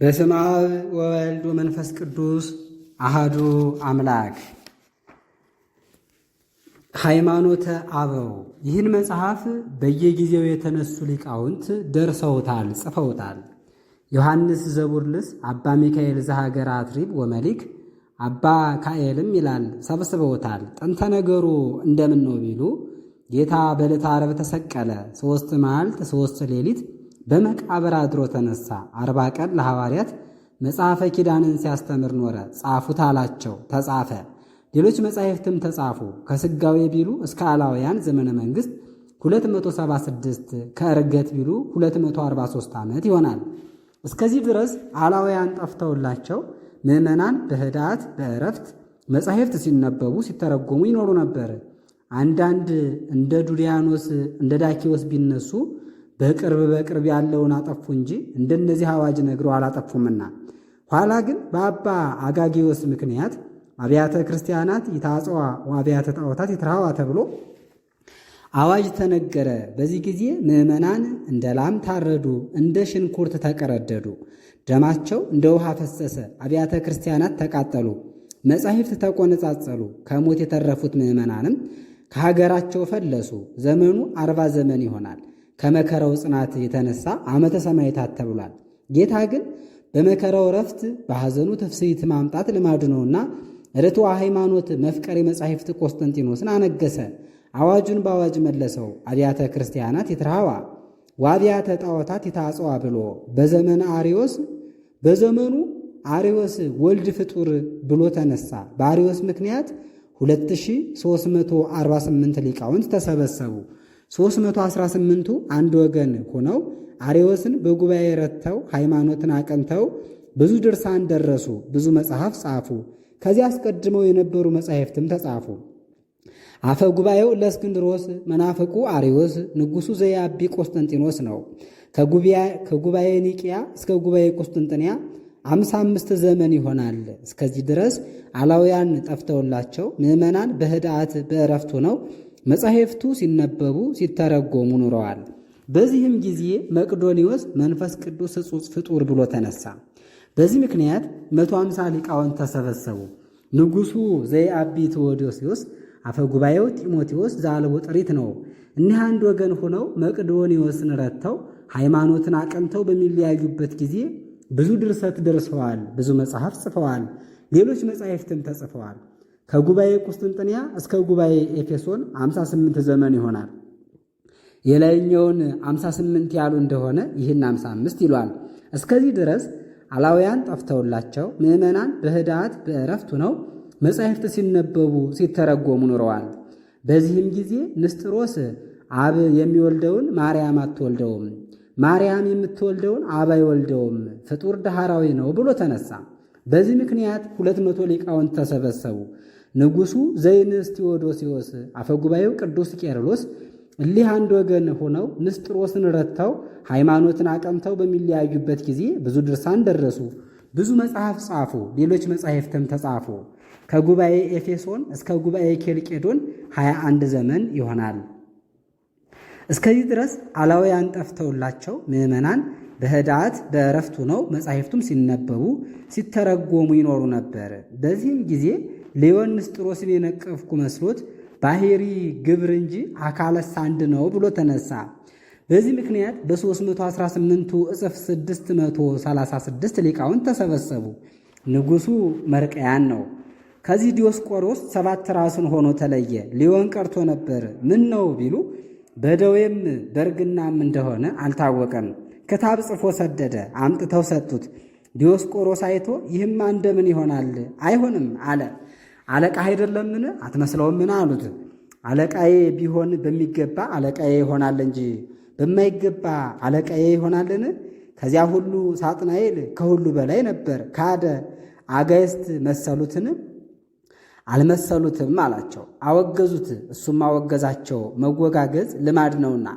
በስመ አብ ወወልድ ወመንፈስ ቅዱስ አሃዱ አምላክ። ሃይማኖተ አበው። ይህን መጽሐፍ በየጊዜው የተነሱ ሊቃውንት ደርሰውታል፣ ጽፈውታል። ዮሐንስ ዘቡርልስ፣ አባ ሚካኤል ዘሀገረ አትሪብ ወመሊክ አባ ካኤልም ይላል ሰብስበውታል። ጥንተ ነገሩ እንደምን ነው ቢሉ ጌታ በዕለተ ዓርብ ተሰቀለ ሦስት መዓልት ሦስት ሌሊት በመቃብር አድሮ ተነሳ። አርባ ቀን ለሐዋርያት መጽሐፈ ኪዳንን ሲያስተምር ኖረ። ጻፉት አላቸው፣ ተጻፈ። ሌሎች መጻሕፍትም ተጻፉ። ከሥጋዌ ቢሉ እስከ አላውያን ዘመነ መንግሥት 276 ከእርገት ቢሉ 243 ዓመት ይሆናል። እስከዚህ ድረስ አላውያን ጠፍተውላቸው ምዕመናን በህዳት በእረፍት መጻሕፍት ሲነበቡ ሲተረጎሙ ይኖሩ ነበር። አንዳንድ እንደ ዱሪያኖስ እንደ ዳኪዎስ ቢነሱ በቅርብ በቅርብ ያለውን አጠፉ እንጂ እንደነዚህ አዋጅ ነግረው አላጠፉምና። ኋላ ግን በአባ አጋጌዎስ ምክንያት አብያተ ክርስቲያናት ይታጽዋ ወአብያተ ጣዖታት ይትርሃዋ ተብሎ አዋጅ ተነገረ። በዚህ ጊዜ ምዕመናን እንደ ላም ታረዱ፣ እንደ ሽንኩርት ተቀረደዱ፣ ደማቸው እንደ ውሃ ፈሰሰ። አብያተ ክርስቲያናት ተቃጠሉ፣ መጻሕፍት ተቆነጻጸሉ። ከሞት የተረፉት ምዕመናንም ከሀገራቸው ፈለሱ። ዘመኑ አርባ ዘመን ይሆናል። ከመከራው ጽናት የተነሳ ዓመተ ሰማዕታት ተብሏል። ጌታ ግን በመከረው ረፍት በሐዘኑ ትፍስሕት ማምጣት ልማዱ ነውና ርቱዐ ሃይማኖት መፍቀር መጻሕፍት ቆስጠንጢኖስን አነገሰ። አዋጁን በአዋጅ መለሰው። አብያተ ክርስቲያናት ይትርሃዋ ወአብያተ ጣዖታት ይታጽዋ ብሎ በዘመነ አሪዮስ በዘመኑ አሪዮስ ወልድ ፍጡር ብሎ ተነሳ። በአሪዮስ ምክንያት 2348 ሊቃውንት ተሰበሰቡ። 318ቱ አንድ ወገን ሆነው አሪዎስን በጉባኤ ረድተው ሃይማኖትን አቀንተው ብዙ ድርሳን ደረሱ፣ ብዙ መጽሐፍ ጻፉ። ከዚህ አስቀድመው የነበሩ መጻሕፍትም ተጻፉ። አፈ ጉባኤው ለእስክንድሮስ መናፍቁ አርዮስ ንጉሡ ዘያቢ ቆስጠንጢኖስ ነው። ከጉባኤ ኒቅያ እስከ ጉባኤ ቁስጥንጥንያ አምሳ አምስት ዘመን ይሆናል። እስከዚህ ድረስ አላውያን ጠፍተውላቸው ምዕመናን በህድአት በእረፍቱ ነው መጻሕፍቱ ሲነበቡ ሲተረጎሙ ኑረዋል። በዚህም ጊዜ መቅዶኒዎስ መንፈስ ቅዱስ ሕጹጽ ፍጡር ብሎ ተነሳ። በዚህ ምክንያት መቶ አምሳ ሊቃውንት ተሰበሰቡ። ንጉሡ ዘይአቢ ቴዎዶስዮስ፣ አፈ ጢሞቴዎስ ዘአልቦ ጥሪት ነው። እኒህ አንድ ወገን ሆነው መቅዶኒዎስን ረድተው ሃይማኖትን አቀንተው በሚለያዩበት ጊዜ ብዙ ድርሰት ደርሰዋል፣ ብዙ መጽሐፍ ጽፈዋል፣ ሌሎች መጻሕፍትም ተጽፈዋል። ከጉባኤ ቁስጥንጥንያ እስከ ጉባኤ ኤፌሶን 58 ዘመን ይሆናል። የላይኛውን 58 ያሉ እንደሆነ ይህን 55 ይሏል። እስከዚህ ድረስ አላውያን ጠፍተውላቸው ምዕመናን በህዳት በእረፍት ሆነው መጻሕፍት ሲነበቡ ሲተረጎሙ ኑረዋል። በዚህም ጊዜ ንስጥሮስ አብ የሚወልደውን ማርያም አትወልደውም፣ ማርያም የምትወልደውን አብ አይወልደውም፣ ፍጡር ዳህራዊ ነው ብሎ ተነሳ። በዚህ ምክንያት ሁለት መቶ ሊቃውንት ተሰበሰቡ። ንጉሡ ዘኢንስቲዮዶሲዎስ አፈጉባኤው ቅዱስ ቄርሎስ እሊህ አንድ ወገን ሆነው ንስጥሮስን ረድተው ሃይማኖትን አቀምተው በሚለያዩበት ጊዜ ብዙ ድርሳን ደረሱ፣ ብዙ መጽሐፍ ጻፉ፣ ሌሎች መጻሕፍትም ተጻፉ። ከጉባኤ ኤፌሶን እስከ ጉባኤ ኬልቄዶን 21 አንድ ዘመን ይሆናል። እስከዚህ ድረስ አላውያን ጠፍተውላቸው ምዕመናን በህዳት በእረፍት ነው መጻሕፍቱም ሲነበቡ ሲተረጎሙ ይኖሩ ነበር። በዚህም ጊዜ ለዮንስጥሮስን የነቀፍኩ መስሎት ባህሪ ግብር እንጂ አካለስ አንድ ነው ብሎ ተነሳ። በዚህ ምክንያት በ 318 እጽፍ 636 ሊቃውን ተሰበሰቡ። ንጉሱ መርቀያን ነው። ከዚህ ዲዮስቆሮስ ሰባት ራሱን ሆኖ ተለየ። ሊዮን ቀርቶ ነበር። ምን ነው ቢሉ በደዌም በርግናም እንደሆነ አልታወቀም። ክታብ ጽፎ ሰደደ። አምጥተው ሰጡት። ዲዮስቆሮስ አይቶ ይህማ እንደምን ይሆናል? አይሆንም አለ። አለቃ አይደለምን? አትመስለውምን? አሉት። አለቃዬ ቢሆን በሚገባ አለቃዬ ይሆናል እንጂ በማይገባ አለቃዬ ይሆናልን? ከዚያ ሁሉ ሳጥናኤል ከሁሉ በላይ ነበር፣ ካደ። አጋይስት መሰሉትን አልመሰሉትም አላቸው። አወገዙት፣ እሱም አወገዛቸው። መወጋገዝ ልማድ ነውና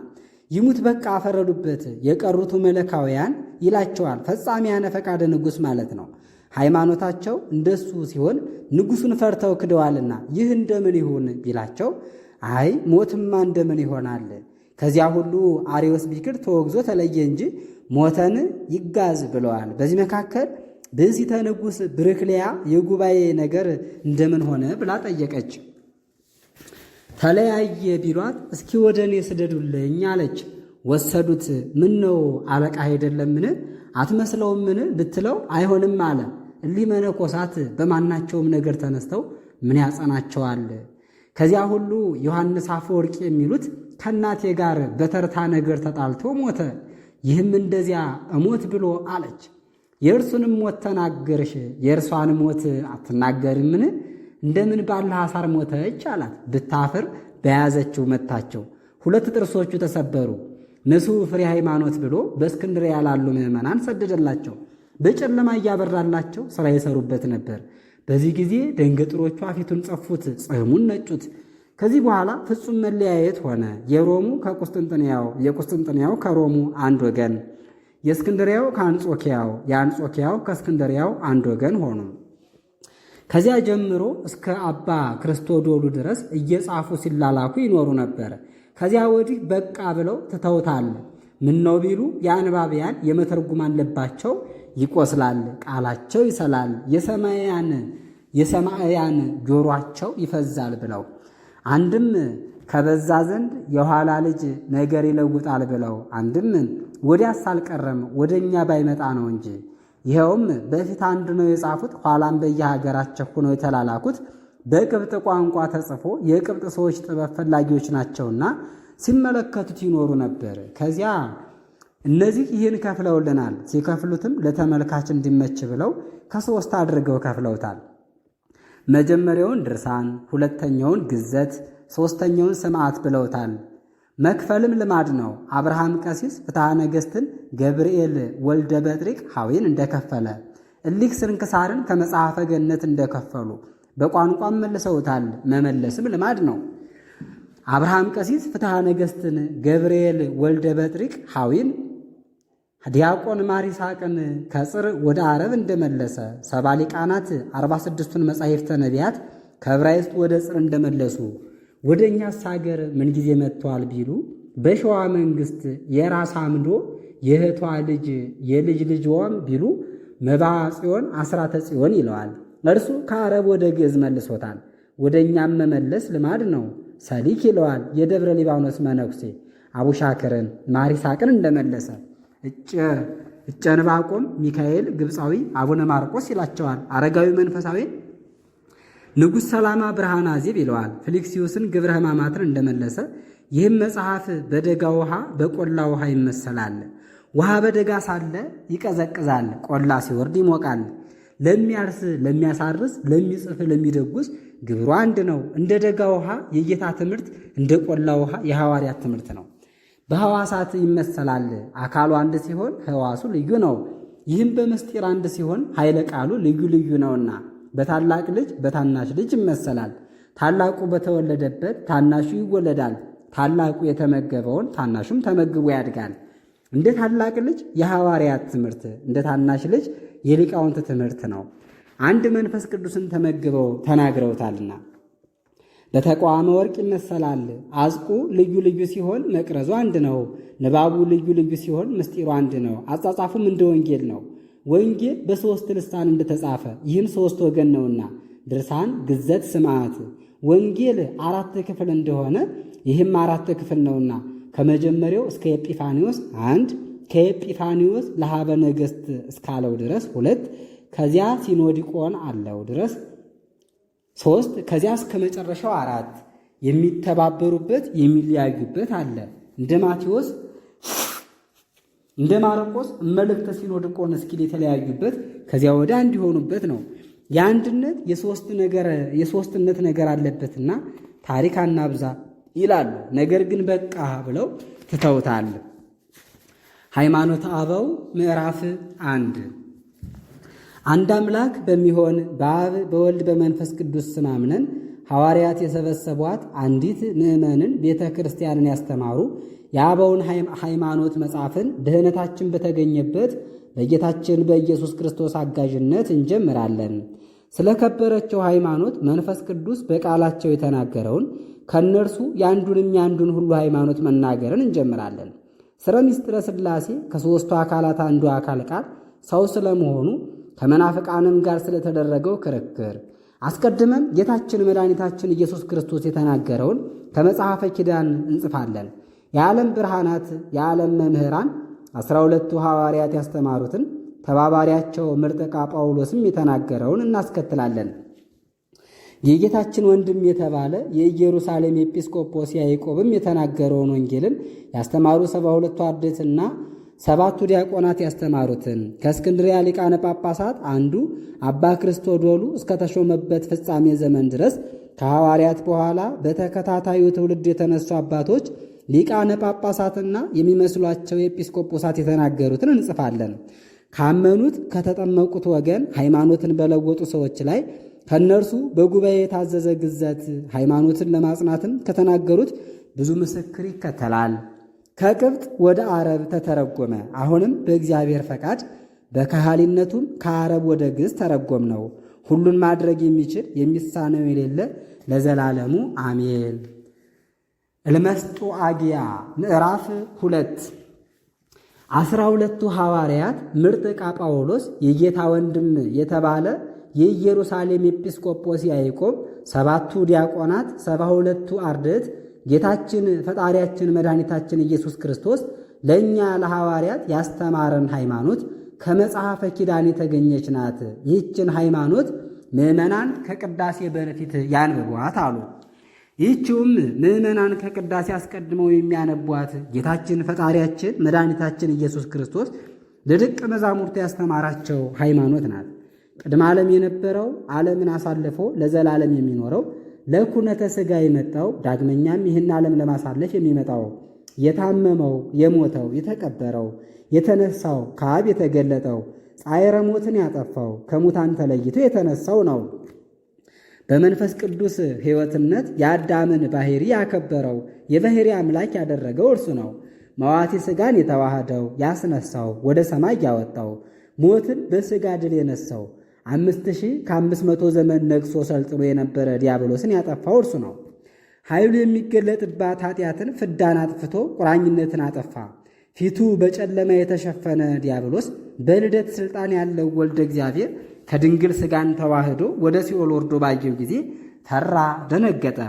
ይሙት በቃ አፈረዱበት። የቀሩቱ መለካውያን ይላቸዋል። ፈጻሚያነ ፈቃደ ንጉሥ ማለት ነው። ሃይማኖታቸው እንደሱ ሲሆን ንጉሱን ፈርተው ክደዋልና ይህ እንደምን ይሁን ቢላቸው፣ አይ ሞትማ እንደምን ይሆናል ከዚያ ሁሉ አርዮስ ቢክር ተወግዞ ተለየ እንጂ ሞተን ይጋዝ ብለዋል። በዚህ መካከል ብእሲተ ንጉሥ ብርክሊያ የጉባኤ ነገር እንደምን ሆነ ብላ ጠየቀች። ተለያየ ቢሏት እስኪ ወደ እኔ ስደዱልኝ አለች። ወሰዱት። ምን ነው አለቃ አይደለምን? አትመስለውምን? ብትለው አይሆንም አለ። እሊህ መነኮሳት በማናቸውም ነገር ተነስተው ምን ያጸናቸዋል? ከዚያ ሁሉ ዮሐንስ አፈወርቅ የሚሉት ከእናቴ ጋር በተርታ ነገር ተጣልቶ ሞተ፣ ይህም እንደዚያ እሞት ብሎ አለች። የእርሱንም ሞት ተናገርሽ፣ የእርሷን ሞት አትናገርምን? እንደምን ባለ ሐሳር ሞተች አላት። ብታፍር በያዘችው መታቸው። ሁለት ጥርሶቹ ተሰበሩ። ንሱ ፍሬ ሃይማኖት ብሎ በእስክንድርያ ላሉ ምዕመናን ሰደደላቸው። በጨለማ እያበራላቸው ሥራ የሰሩበት ነበር። በዚህ ጊዜ ደንገጥሮቿ ፊቱን ጸፉት፣ ጽህሙን ነጩት። ከዚህ በኋላ ፍጹም መለያየት ሆነ። የሮሙ ከቁስጥንጥንያው፣ የቁስጥንጥንያው ከሮሙ አንድ ወገን፣ የእስክንድሪያው ከአንጾኪያው፣ የአንጾኪያው ከእስክንድሪያው አንድ ወገን ሆኑ። ከዚያ ጀምሮ እስከ አባ ክርስቶዶሉ ድረስ እየጻፉ ሲላላኩ ይኖሩ ነበር። ከዚያ ወዲህ በቃ ብለው ትተውታል። ምን ነው ቢሉ የአንባቢያን የመተርጉማን ልባቸው ይቆስላል፣ ቃላቸው ይሰላል፣ የሰማያን የሰማያን ጆሯቸው ይፈዛል ብለው አንድም ከበዛ ዘንድ የኋላ ልጅ ነገር ይለውጣል ብለው አንድም ወዲያስ አልቀረም ወደኛ ባይመጣ ነው እንጂ ይኸውም በፊት አንድ ነው የጻፉት ኋላም በየሀገራቸው ሆነው የተላላኩት በቅብጥ ቋንቋ ተጽፎ የቅብጥ ሰዎች ጥበብ ፈላጊዎች ናቸውና ሲመለከቱት ይኖሩ ነበር። ከዚያ እነዚህ ይህን ከፍለውልናል። ሲከፍሉትም ለተመልካች እንዲመች ብለው ከሶስት አድርገው ከፍለውታል። መጀመሪያውን ድርሳን፣ ሁለተኛውን ግዘት፣ ሶስተኛውን ስማዓት ብለውታል። መክፈልም ልማድ ነው። አብርሃም ቀሲስ ፍትሐ ነገሥትን ገብርኤል ወልደ በጥሪቅ ሐዊን እንደከፈለ እሊህ ስንክሳርን ከመጽሐፈ ገነት እንደከፈሉ በቋንቋም መልሰውታል። መመለስም ልማድ ነው። አብርሃም ቀሲስ ፍትሐ ነገሥትን ገብርኤል ወልደ በጥሪቅ ሐዊን ዲያቆን ማሪሳቅን ከጽር ወደ አረብ እንደመለሰ ሰባ ሊቃናት አርባ ስድስቱን መጻሕፍተ ነቢያት ከዕብራይስጥ ወደ ጽር እንደመለሱ ወደ እኛስ ሀገር ምንጊዜ መጥተዋል ቢሉ በሸዋ መንግሥት የራስ አምዶ የእህቷ ልጅ የልጅ ልጅዋም ቢሉ መባ ጽዮን አስራተ ጽዮን ይለዋል። እርሱ ከአረብ ወደ ግዕዝ መልሶታል። ወደ እኛም መመለስ ልማድ ነው። ሰሊክ ይለዋል። የደብረ ሊባኖስ መነኩሴ አቡሻክርን ማሪሳቅን እንደመለሰ እጨ ዕንባቆም ሚካኤል ግብፃዊ አቡነ ማርቆስ ይላቸዋል። አረጋዊ መንፈሳዊን ንጉሥ ሰላማ ብርሃን አዜብ ይለዋል። ፊሊክሲዩስን ግብረ ሕማማትን እንደመለሰ ይህም መጽሐፍ በደጋ ውሃ በቆላ ውሃ ይመሰላል። ውሃ በደጋ ሳለ ይቀዘቅዛል፣ ቆላ ሲወርድ ይሞቃል። ለሚያርስ ለሚያሳርስ፣ ለሚጽፍ፣ ለሚደጉስ ግብሩ አንድ ነው። እንደ ደጋ ውሃ የጌታ ትምህርት፣ እንደ ቆላ ውሃ የሐዋርያት ትምህርት ነው። በህዋሳት ይመሰላል። አካሉ አንድ ሲሆን ህዋሱ ልዩ ነው። ይህም በምስጢር አንድ ሲሆን ኃይለ ቃሉ ልዩ ልዩ ነውና በታላቅ ልጅ በታናሽ ልጅ ይመሰላል። ታላቁ በተወለደበት ታናሹ ይወለዳል። ታላቁ የተመገበውን ታናሹም ተመግቦ ያድጋል። እንደ ታላቅ ልጅ የሐዋርያት ትምህርት፣ እንደ ታናሽ ልጅ የሊቃውንት ትምህርት ነው። አንድ መንፈስ ቅዱስን ተመግበው ተናግረውታልና በተቋመ ወርቅ ይመሰላል። አዝቁ ልዩ ልዩ ሲሆን መቅረዙ አንድ ነው። ንባቡ ልዩ ልዩ ሲሆን ምስጢሩ አንድ ነው። አጻጻፉም እንደ ወንጌል ነው። ወንጌል በሦስት ልሳን እንደተጻፈ ይህም ሦስት ወገን ነውና ድርሳን፣ ግዘት፣ ስማት ወንጌል አራት ክፍል እንደሆነ ይህም አራት ክፍል ነውና ከመጀመሪያው እስከ ኤጲፋኒዎስ አንድ ከኤጲፋኒዎስ ለሀበ ነገሥት እስካለው ድረስ ሁለት ከዚያ ሲኖዲቆን አለው ድረስ ሶስት ከዚያ እስከ መጨረሻው አራት የሚተባበሩበት የሚለያዩበት አለ። እንደ ማቴዎስ እንደ ማርቆስ መልእክተ ሲኖድቆን እስኪል የተለያዩበት ከዚያ አንድ የሆኑበት ነው። የአንድነት የሶስትነት ነገር አለበትና ታሪክ አናብዛ ይላሉ። ነገር ግን በቃ ብለው ትተውታል። ሃይማኖት አበው ምዕራፍ አንድ አንድ አምላክ በሚሆን በአብ በወልድ በመንፈስ ቅዱስ ስም አምነን ሐዋርያት የሰበሰቧት አንዲት ምዕመንን ቤተ ክርስቲያንን ያስተማሩ የአበውን ሃይማኖት መጽሐፍን ድህነታችን በተገኘበት በጌታችን በኢየሱስ ክርስቶስ አጋዥነት እንጀምራለን። ስለ ከበረችው ሃይማኖት መንፈስ ቅዱስ በቃላቸው የተናገረውን ከእነርሱ የአንዱንም የአንዱን ሁሉ ሃይማኖት መናገርን እንጀምራለን። ስለ ምስጢረ ሥላሴ ከሦስቱ አካላት አንዱ አካል ቃል ሰው ስለመሆኑ ከመናፍቃንም ጋር ስለተደረገው ክርክር አስቀድመን ጌታችን መድኃኒታችን ኢየሱስ ክርስቶስ የተናገረውን ከመጽሐፈ ኪዳን እንጽፋለን። የዓለም ብርሃናት የዓለም መምህራን ዐሥራ ሁለቱ ሐዋርያት ያስተማሩትን ተባባሪያቸው ምርጥ ጳውሎስም የተናገረውን እናስከትላለን። የጌታችን ወንድም የተባለ የኢየሩሳሌም ኤጲስቆጶስ ያዕቆብም የተናገረውን ወንጌልን ያስተማሩ ሰባ ሁለቱ አርድእትና ሰባቱ ዲያቆናት ያስተማሩትን ከእስክንድሪያ ሊቃነ ጳጳሳት አንዱ አባ ክርስቶዶሉ እስከተሾመበት ፍጻሜ ዘመን ድረስ ከሐዋርያት በኋላ በተከታታዩ ትውልድ የተነሱ አባቶች ሊቃነ ጳጳሳትና የሚመስሏቸው የኤጲስቆጶሳት የተናገሩትን እንጽፋለን። ካመኑት ከተጠመቁት ወገን ሃይማኖትን በለወጡ ሰዎች ላይ ከእነርሱ በጉባኤ የታዘዘ ግዘት ሃይማኖትን ለማጽናትም ከተናገሩት ብዙ ምስክር ይከተላል። ከቅብጥ ወደ አረብ ተተረጎመ። አሁንም በእግዚአብሔር ፈቃድ በካህሊነቱም ከአረብ ወደ ግዕዝ ተረጎም ነው። ሁሉን ማድረግ የሚችል የሚሳነው የሌለ ለዘላለሙ አሜን። እልመስጡ አግያ ምዕራፍ ሁለት አስራ ሁለቱ ሐዋርያት ምርጥ ዕቃ ጳውሎስ፣ የጌታ ወንድም የተባለ የኢየሩሳሌም ኤጲስቆጶስ ያዕቆብ፣ ሰባቱ ዲያቆናት፣ ሰባ ሁለቱ አርድእት ጌታችን ፈጣሪያችን መድኃኒታችን ኢየሱስ ክርስቶስ ለእኛ ለሐዋርያት ያስተማረን ሃይማኖት ከመጽሐፈ ኪዳን የተገኘች ናት። ይህችን ሃይማኖት ምዕመናን ከቅዳሴ በፊት ያንብቧት አሉ። ይህችውም ምዕመናን ከቅዳሴ አስቀድመው የሚያነቧት ጌታችን ፈጣሪያችን መድኃኒታችን ኢየሱስ ክርስቶስ ለደቀ መዛሙርቱ ያስተማራቸው ሃይማኖት ናት። ቅድመ ዓለም የነበረው ዓለምን አሳልፎ ለዘላለም የሚኖረው ለኩነተ ሥጋ የመጣው ዳግመኛም ይህን ዓለም ለማሳለፍ የሚመጣው የታመመው፣ የሞተው፣ የተቀበረው፣ የተነሳው፣ ከአብ የተገለጠው፣ ጻዕረ ሞትን ያጠፋው፣ ከሙታን ተለይቶ የተነሳው ነው። በመንፈስ ቅዱስ ሕይወትነት የአዳምን ባህሪ ያከበረው የባህሪ አምላክ ያደረገው እርሱ ነው። መዋቲ ሥጋን የተዋህደው ያስነሳው፣ ወደ ሰማይ ያወጣው፣ ሞትን በሥጋ ድል የነሳው አምስት ሺህ ከአምስት መቶ ዘመን ነግሶ ሰልጥኖ የነበረ ዲያብሎስን ያጠፋው እርሱ ነው። ኃይሉ የሚገለጥባት ኃጢአትን ፍዳን አጥፍቶ ቁራኝነትን አጠፋ። ፊቱ በጨለማ የተሸፈነ ዲያብሎስ በልደት ሥልጣን ያለው ወልደ እግዚአብሔር ከድንግል ሥጋን ተዋህዶ ወደ ሲኦል ወርዶ ባየው ጊዜ ፈራ፣ ደነገጠ።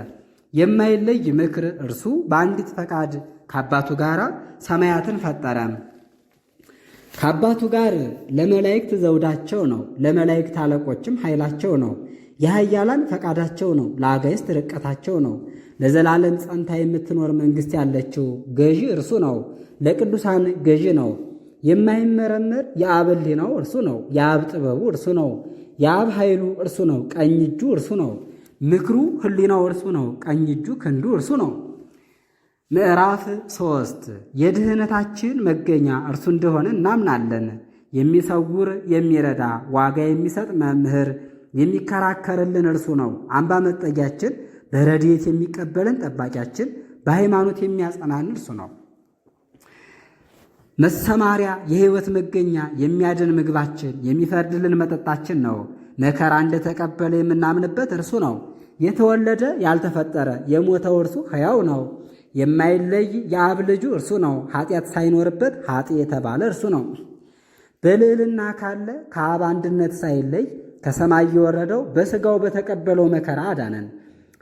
የማይለይ ምክር እርሱ በአንዲት ፈቃድ ከአባቱ ጋር ሰማያትን ፈጠረ። ከአባቱ ጋር ለመላእክት ዘውዳቸው ነው፣ ለመላእክት አለቆችም ኃይላቸው ነው። የኃያላን ፈቃዳቸው ነው፣ ለአጋይስት ርቀታቸው ነው። ለዘላለም ጸንታ የምትኖር መንግሥት ያለችው ገዢ እርሱ ነው፣ ለቅዱሳን ገዢ ነው። የማይመረመር የአብ ሕሊናው እርሱ ነው፣ የአብ ጥበቡ እርሱ ነው፣ የአብ ኃይሉ እርሱ ነው፣ ቀኝ እጁ እርሱ ነው። ምክሩ ሕሊናው እርሱ ነው፣ ቀኝ እጁ ክንዱ እርሱ ነው። ምዕራፍ ሶስት የድህነታችን መገኛ እርሱ እንደሆነ እናምናለን። የሚሰውር የሚረዳ ዋጋ የሚሰጥ መምህር የሚከራከርልን እርሱ ነው። አምባ መጠጊያችን፣ በረድኤት የሚቀበልን ጠባቂያችን፣ በሃይማኖት የሚያጸናን እርሱ ነው። መሰማሪያ፣ የህይወት መገኛ፣ የሚያድን ምግባችን፣ የሚፈርድልን መጠጣችን ነው። መከራ እንደተቀበለ የምናምንበት እርሱ ነው። የተወለደ ያልተፈጠረ የሞተው እርሱ ሕያው ነው። የማይለይ የአብ ልጁ እርሱ ነው። ኃጢአት ሳይኖርበት ኃጢ የተባለ እርሱ ነው። በልዕልና ካለ ከአብ አንድነት ሳይለይ ከሰማይ የወረደው በሥጋው በተቀበለው መከራ አዳነን።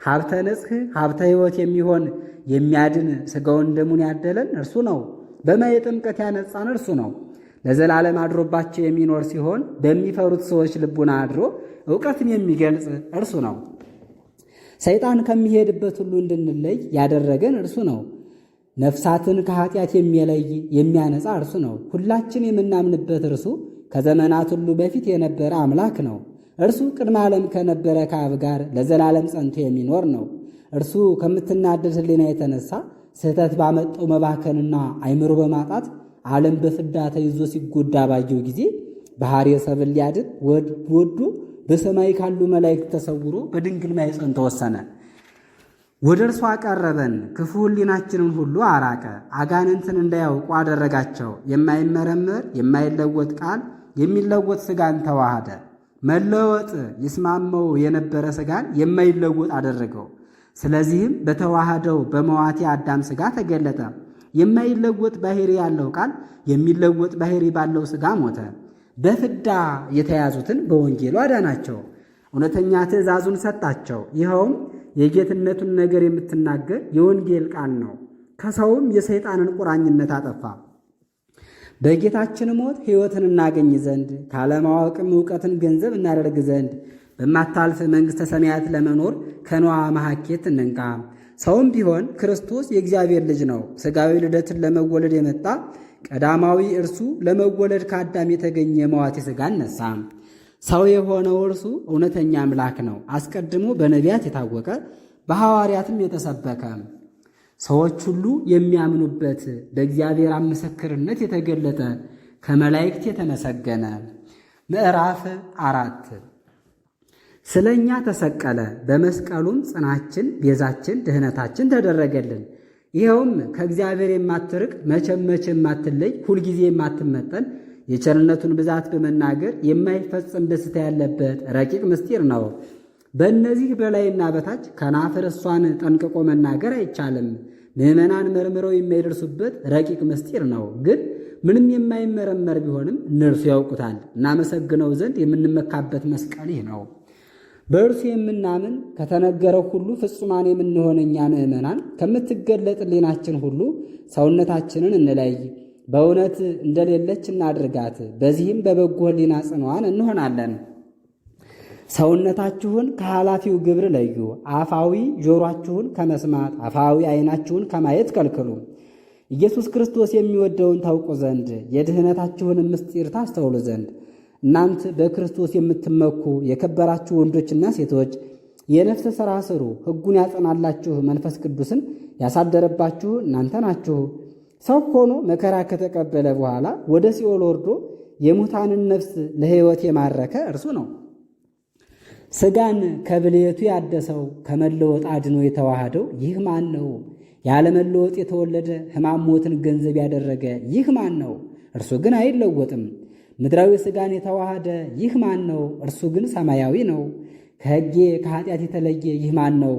ሀብተ ንጽሕ ሀብተ ሕይወት የሚሆን የሚያድን ሥጋውን ደሙን ያደለን እርሱ ነው። በማየ ጥምቀት ያነጻን እርሱ ነው። ለዘላለም አድሮባቸው የሚኖር ሲሆን በሚፈሩት ሰዎች ልቡና አድሮ እውቀትን የሚገልጽ እርሱ ነው። ሰይጣን ከሚሄድበት ሁሉ እንድንለይ ያደረገን እርሱ ነው። ነፍሳትን ከኃጢአት የሚለይ የሚያነጻ እርሱ ነው። ሁላችን የምናምንበት እርሱ ከዘመናት ሁሉ በፊት የነበረ አምላክ ነው። እርሱ ቅድመ ዓለም ከነበረ ከአብ ጋር ለዘላለም ጸንቶ የሚኖር ነው። እርሱ ከምትናደድ ሕሊና የተነሳ ስህተት ባመጣው መባከንና አይምሮ በማጣት ዓለም በፍዳ ተይዞ ሲጎዳ ባየው ጊዜ ባሕርየ ሰብእ ሊያድን ወዱ። በሰማይ ካሉ መላእክት ተሰውሮ በድንግል ማኅፀን ተወሰነ። ወደ እርሱ አቀረበን፣ ክፉ ሕሊናችንን ሁሉ አራቀ፣ አጋንንትን እንዳያውቁ አደረጋቸው። የማይመረመር የማይለወጥ ቃል የሚለወጥ ሥጋን ተዋሃደ። መለወጥ ይስማመው የነበረ ሥጋን የማይለወጥ አደረገው። ስለዚህም በተዋህደው በመዋቴ አዳም ሥጋ ተገለጠ። የማይለወጥ ባሕሪ ያለው ቃል የሚለወጥ ባሕሪ ባለው ሥጋ ሞተ። በፍዳ የተያዙትን በወንጌሉ አዳናቸው። እውነተኛ ትእዛዙን ሰጣቸው። ይኸውም የጌትነቱን ነገር የምትናገር የወንጌል ቃል ነው። ከሰውም የሰይጣንን ቁራኝነት አጠፋ። በጌታችን ሞት ሕይወትን እናገኝ ዘንድ ካለማወቅም እውቀትን ገንዘብ እናደርግ ዘንድ በማታልፍ መንግሥተ ሰማያት ለመኖር ከነዋ መሐኬት እንንቃ። ሰውም ቢሆን ክርስቶስ የእግዚአብሔር ልጅ ነው። ሥጋዊ ልደትን ለመወለድ የመጣ ቀዳማዊ እርሱ ለመወለድ ከአዳም የተገኘ መዋቴ ሥጋ አነሳ። ሰው የሆነው እርሱ እውነተኛ አምላክ ነው። አስቀድሞ በነቢያት የታወቀ በሐዋርያትም የተሰበከ ሰዎች ሁሉ የሚያምኑበት በእግዚአብሔር ምስክርነት የተገለጠ ከመላእክት የተመሰገነ። ምዕራፍ አራት ስለ እኛ ተሰቀለ፣ በመስቀሉም ጽናችን፣ ቤዛችን፣ ድህነታችን ተደረገልን። ይኸውም ከእግዚአብሔር የማትርቅ መቼም መቼ የማትለይ ሁልጊዜ የማትመጠን የቸርነቱን ብዛት በመናገር የማይፈጸም ደስታ ያለበት ረቂቅ ምስጢር ነው። በእነዚህ በላይና በታች ከናፍር እሷን ጠንቅቆ መናገር አይቻልም። ምዕመናን መርምረው የማይደርሱበት ረቂቅ ምስጢር ነው። ግን ምንም የማይመረመር ቢሆንም እነርሱ ያውቁታል። እናመሰግነው ዘንድ የምንመካበት መስቀል ይህ ነው። በእርሱ የምናምን ከተነገረው ሁሉ ፍጹማን የምንሆን እኛ ምእመናን ከምትገለጥ ሌናችን ሁሉ ሰውነታችንን እንለይ፣ በእውነት እንደሌለች እናድርጋት። በዚህም በበጎ ሕሊና ጽንዋን እንሆናለን። ሰውነታችሁን ከኃላፊው ግብር ለዩ። አፋዊ ጆሯችሁን ከመስማት፣ አፋዊ ዓይናችሁን ከማየት ከልክሉ። ኢየሱስ ክርስቶስ የሚወደውን ታውቁ ዘንድ የድህነታችሁን ምስጢር ታስተውሉ ዘንድ እናንት በክርስቶስ የምትመኩ የከበራችሁ ወንዶችና ሴቶች የነፍስ ሥራ ስሩ። ሕጉን ያጸናላችሁ መንፈስ ቅዱስን ያሳደረባችሁ እናንተ ናችሁ። ሰው ሆኖ መከራ ከተቀበለ በኋላ ወደ ሲኦል ወርዶ የሙታንን ነፍስ ለሕይወት የማረከ እርሱ ነው። ሥጋን ከብልየቱ ያደሰው ከመለወጥ አድኖ የተዋሃደው ይህ ማን ነው? ያለመለወጥ የተወለደ ሕማም ሞትን ገንዘብ ያደረገ ይህ ማን ነው? እርሱ ግን አይለወጥም። ምድራዊ ሥጋን የተዋሃደ ይህ ማን ነው? እርሱ ግን ሰማያዊ ነው። ከሕጌ ከኃጢአት የተለየ ይህ ማን ነው?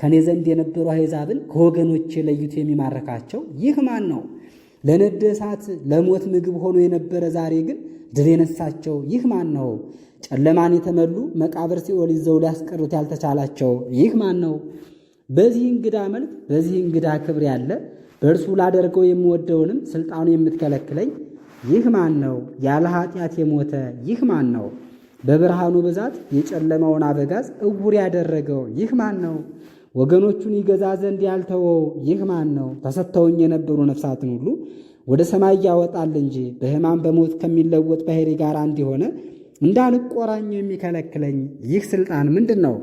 ከእኔ ዘንድ የነበሩ አሕዛብን ከወገኖች ለይቶ የሚማረካቸው ይህ ማን ነው? ለነደ እሳት ለሞት ምግብ ሆኖ የነበረ ዛሬ ግን ድል የነሳቸው ይህ ማን ነው? ጨለማን የተመሉ መቃብር ሲኦል ይዘው ሊያስቀሩት ያልተቻላቸው ይህ ማን ነው? በዚህ እንግዳ መልክ በዚህ እንግዳ ክብር ያለ በእርሱ ላደርገው የምወደውንም ስልጣኑ የምትከለክለኝ ይህ ማን ነው? ያለ ኃጢአት የሞተ ይህ ማን ነው? በብርሃኑ ብዛት የጨለመውን አበጋዝ እውር ያደረገው ይህ ማን ነው? ወገኖቹን ይገዛ ዘንድ ያልተወው ይህ ማን ነው? ተሰጥተውኝ የነበሩ ነፍሳትን ሁሉ ወደ ሰማይ ያወጣል እንጂ በሕማም በሞት ከሚለወጥ ባሕሪ ጋር እንዲሆነ እንዳልቆራኘው የሚከለክለኝ ይህ ሥልጣን ምንድን ነው?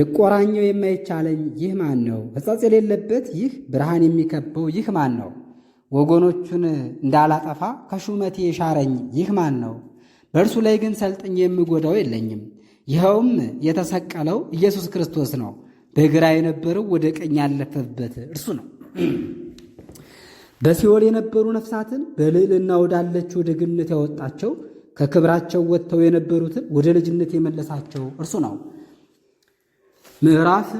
ልቆራኘው የማይቻለኝ ይህ ማን ነው? ሕጸጽ የሌለበት ይህ ብርሃን የሚከበው ይህ ማን ነው? ወገኖቹን እንዳላጠፋ ከሹመቴ የሻረኝ ይህ ማን ነው? በእርሱ ላይ ግን ሰልጥኝ የምጎዳው የለኝም። ይኸውም የተሰቀለው ኢየሱስ ክርስቶስ ነው። በግራ የነበረው ወደ ቀኝ ያለፈበት እርሱ ነው። በሲኦል የነበሩ ነፍሳትን በልዕልና ወዳለችው ወደ ገነት ያወጣቸው፣ ከክብራቸው ወጥተው የነበሩትን ወደ ልጅነት የመለሳቸው እርሱ ነው። ምዕራፍ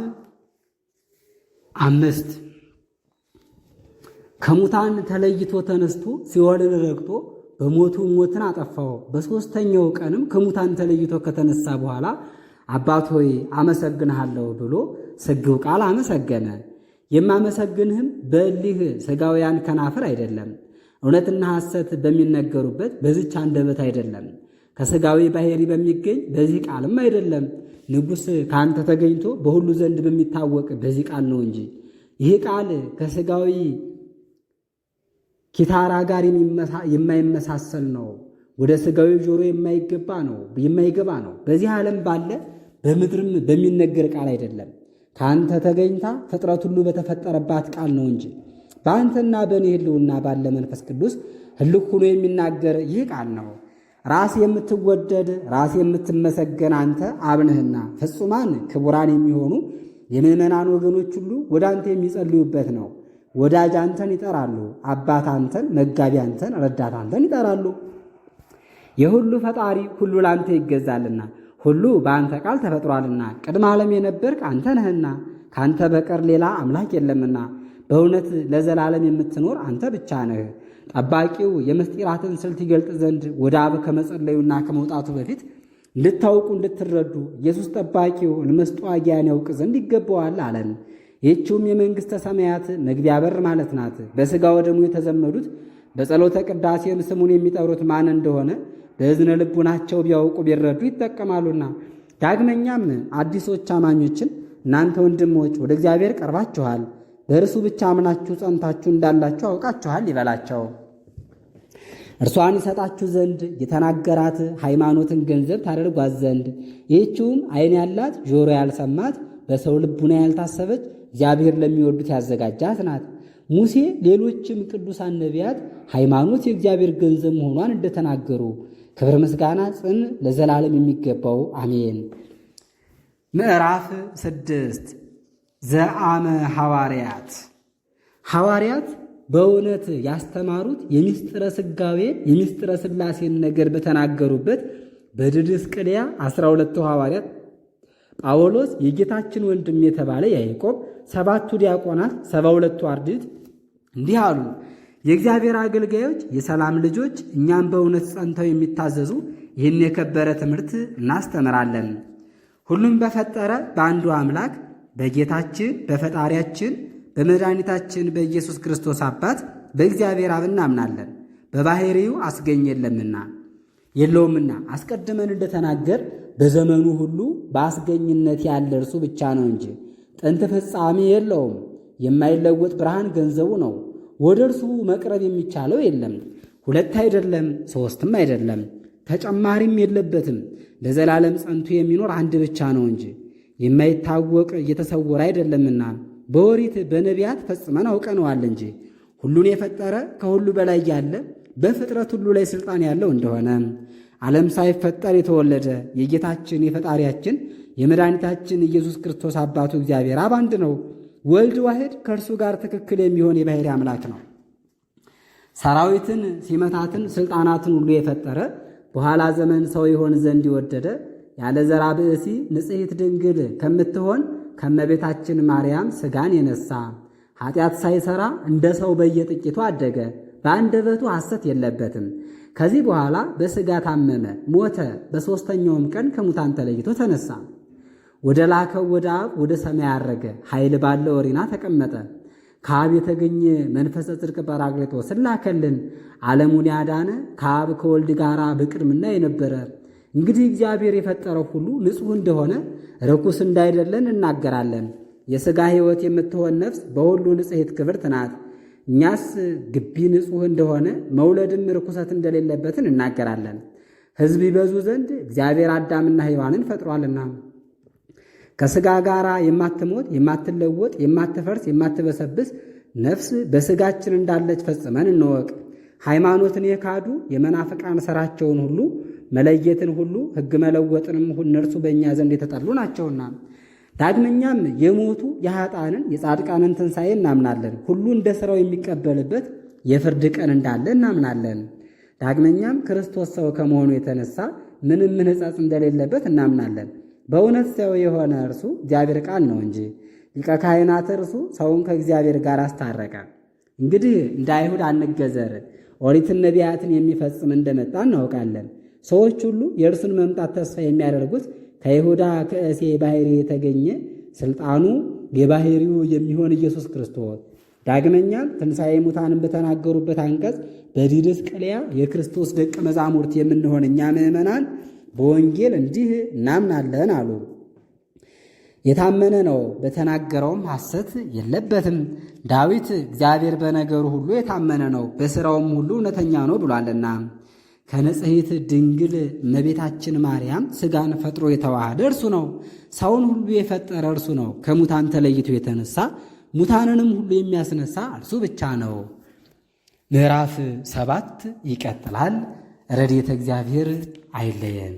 አምስት ከሙታን ተለይቶ ተነስቶ ሲወልን ረግጦ በሞቱ ሞትን አጠፋው። በሦስተኛው ቀንም ከሙታን ተለይቶ ከተነሳ በኋላ አባት ሆይ አመሰግንሃለሁ ብሎ ስግው ቃል አመሰገነ። የማመሰግንህም በእሊህ ሥጋውያን ከናፈር አይደለም፣ እውነትና ሐሰት በሚነገሩበት በዚች አንደበት አይደለም፣ ከሥጋዊ ባሕሪ በሚገኝ በዚህ ቃልም አይደለም። ንጉሥ ከአንተ ተገኝቶ በሁሉ ዘንድ በሚታወቅ በዚህ ቃል ነው እንጂ ይህ ቃል ከሥጋዊ ኪታራ ጋር የማይመሳሰል ነው፣ ወደ ስጋዊ ጆሮ የማይገባ ነው የማይገባ ነው። በዚህ ዓለም ባለ በምድርም በሚነገር ቃል አይደለም፣ ከአንተ ተገኝታ ፍጥረት ሁሉ በተፈጠረባት ቃል ነው እንጂ በአንተና በእኔ ህልውና ባለ መንፈስ ቅዱስ ህልክ ሆኖ የሚናገር ይህ ቃል ነው። ራስ የምትወደድ ራስ የምትመሰገን አንተ አብነህና ፍጹማን ክቡራን የሚሆኑ የምዕመናን ወገኖች ሁሉ ወደ አንተ የሚጸልዩበት ነው። ወዳጅ አንተን ይጠራሉ፣ አባት አንተን፣ መጋቢ አንተን፣ ረዳት አንተን ይጠራሉ። የሁሉ ፈጣሪ ሁሉ ላንተ ይገዛልና ሁሉ በአንተ ቃል ተፈጥሯልና ቅድመ ዓለም የነበርክ አንተ ነህና ከአንተ በቀር ሌላ አምላክ የለምና በእውነት ለዘላለም የምትኖር አንተ ብቻ ነህ። ጠባቂው የምስጢራትን ስልት ይገልጥ ዘንድ ወደ አብ ከመጸለዩና ከመውጣቱ በፊት እንድታውቁ እንድትረዱ ኢየሱስ ጠባቂው እምስጧ ጊያን ያውቅ ዘንድ ይገባዋል አለን። ይህችውም የመንግሥተ ሰማያት መግቢያ በር ማለት ናት። በሥጋ ወደሙ የተዘመዱት በጸሎተ ቅዳሴም ስሙን የሚጠሩት ማን እንደሆነ በእዝነ ልቡናቸው ቢያውቁ ቢረዱ ይጠቀማሉና። ዳግመኛም አዲሶች አማኞችን እናንተ ወንድሞች ወደ እግዚአብሔር ቀርባችኋል፣ በእርሱ ብቻ አምናችሁ ጸንታችሁ እንዳላችሁ አውቃችኋል ይበላቸው። እርሷን ይሰጣችሁ ዘንድ የተናገራት ሃይማኖትን ገንዘብ ታደርጓት ዘንድ ይህችውም ዓይን ያላት ጆሮ ያልሰማት በሰው ልቡና ያልታሰበች እግዚአብሔር ለሚወዱት ያዘጋጃት ናት። ሙሴ ሌሎችም ቅዱሳን ነቢያት ሃይማኖት የእግዚአብሔር ገንዘብ መሆኗን እንደተናገሩ ክብር ምስጋና ጽን ለዘላለም የሚገባው አሜን። ምዕራፍ ስድስት ዘአመ ሐዋርያት ሐዋርያት በእውነት ያስተማሩት የምስጢረ ሥጋዌ የምስጢረ ሥላሴን ነገር በተናገሩበት በዲድስቅልያ አስራ ሁለቱ ሐዋርያት ጳውሎስ፣ የጌታችን ወንድም የተባለ ያዕቆብ፣ ሰባቱ ዲያቆናት፣ ሰባ ሁለቱ አርድእት እንዲህ አሉ። የእግዚአብሔር አገልጋዮች፣ የሰላም ልጆች፣ እኛም በእውነት ጸንተው የሚታዘዙ ይህን የከበረ ትምህርት እናስተምራለን። ሁሉም በፈጠረ በአንዱ አምላክ በጌታችን በፈጣሪያችን በመድኃኒታችን በኢየሱስ ክርስቶስ አባት በእግዚአብሔር አብ እናምናለን። አስገኝ አስገኘለምና የለውምና አስቀድመን እንደተናገር በዘመኑ ሁሉ በአስገኝነት ያለ እርሱ ብቻ ነው እንጂ ጥንት ፍጻሜ የለውም። የማይለወጥ ብርሃን ገንዘቡ ነው። ወደ እርሱ መቅረብ የሚቻለው የለም። ሁለት አይደለም፣ ሦስትም አይደለም፣ ተጨማሪም የለበትም። ለዘላለም ጸንቶ የሚኖር አንድ ብቻ ነው እንጂ የማይታወቅ እየተሰወረ አይደለምና በወሪት በነቢያት ፈጽመን አውቀነዋል እንጂ ሁሉን የፈጠረ ከሁሉ በላይ ያለ በፍጥረት ሁሉ ላይ ሥልጣን ያለው እንደሆነ ዓለም ሳይፈጠር የተወለደ የጌታችን የፈጣሪያችን የመድኃኒታችን ኢየሱስ ክርስቶስ አባቱ እግዚአብሔር አብ አንድ ነው። ወልድ ዋህድ ከእርሱ ጋር ትክክል የሚሆን የባሕርይ አምላክ ነው። ሰራዊትን፣ ሲመታትን፣ ሥልጣናትን ሁሉ የፈጠረ በኋላ ዘመን ሰው ይሆን ዘንድ የወደደ ያለ ዘራ ብእሲ ንጽሕት ድንግል ከምትሆን ከመቤታችን ማርያም ሥጋን የነሣ ኃጢአት ሳይሠራ እንደ ሰው በየጥቂቱ አደገ። በአንደበቱ ሐሰት የለበትም። ከዚህ በኋላ በሥጋ ታመመ፣ ሞተ። በሦስተኛውም ቀን ከሙታን ተለይቶ ተነሳ። ወደ ላከው ወደ አብ ወደ ሰማይ አረገ። ኃይል ባለው ወሪና ተቀመጠ። ከአብ የተገኘ መንፈሰ ጽድቅ ጰራቅሊጦስን ላከልን። ዓለሙን ያዳነ ከአብ ከወልድ ጋር በቅድምና የነበረ እንግዲህ እግዚአብሔር የፈጠረው ሁሉ ንጹሕ እንደሆነ ርኩስ እንዳይደለን እናገራለን። የሥጋ ሕይወት የምትሆን ነፍስ በሁሉ ንጽሕት ክብርት ናት። እኛስ ግቢ ንጹሕ እንደሆነ መውለድም ርኩሰት እንደሌለበትን እናገራለን። ሕዝብ ይበዙ ዘንድ እግዚአብሔር አዳምና ሔዋንን ፈጥሯልና። ከሥጋ ጋር የማትሞት የማትለወጥ፣ የማትፈርስ፣ የማትበሰብስ ነፍስ በሥጋችን እንዳለች ፈጽመን እንወቅ። ሃይማኖትን የካዱ የመናፍቃን ሥራቸውን ሁሉ መለየትን ሁሉ ሕግ መለወጥንም እነርሱ በእኛ ዘንድ የተጠሉ ናቸውና ዳግመኛም የሞቱ የኃጣንን የጻድቃንን ትንሣኤ እናምናለን። ሁሉ እንደ ሥራው የሚቀበልበት የፍርድ ቀን እንዳለ እናምናለን። ዳግመኛም ክርስቶስ ሰው ከመሆኑ የተነሳ ምንም ሕጸጽ እንደሌለበት እናምናለን። በእውነት ሰው የሆነ እርሱ እግዚአብሔር ቃል ነው እንጂ ሊቀ ካህናት እርሱ ሰውን ከእግዚአብሔር ጋር አስታረቀ። እንግዲህ እንደ አይሁድ አንገዘር፣ ኦሪትን ነቢያትን የሚፈጽም እንደመጣ እናውቃለን። ሰዎች ሁሉ የእርሱን መምጣት ተስፋ የሚያደርጉት ከይሁዳ ከእሴ ባህሪ የተገኘ ሥልጣኑ የባሕሪው የሚሆን ኢየሱስ ክርስቶስ። ዳግመኛም ትንሣኤ ሙታንን በተናገሩበት አንቀጽ በዲድስቅልያ የክርስቶስ ደቀ መዛሙርት የምንሆን እኛ ምእመናን በወንጌል እንዲህ እናምናለን አሉ። የታመነ ነው፣ በተናገረውም ሐሰት የለበትም። ዳዊት እግዚአብሔር በነገሩ ሁሉ የታመነ ነው፣ በሥራውም ሁሉ እውነተኛ ነው ብሏልና ከነጽሄት ድንግል እመቤታችን ማርያም ሥጋን ፈጥሮ የተዋሃደ እርሱ ነው። ሰውን ሁሉ የፈጠረ እርሱ ነው። ከሙታን ተለይቶ የተነሳ ሙታንንም ሁሉ የሚያስነሳ እርሱ ብቻ ነው። ምዕራፍ ሰባት ይቀጥላል። ረድኤተ እግዚአብሔር አይለየን።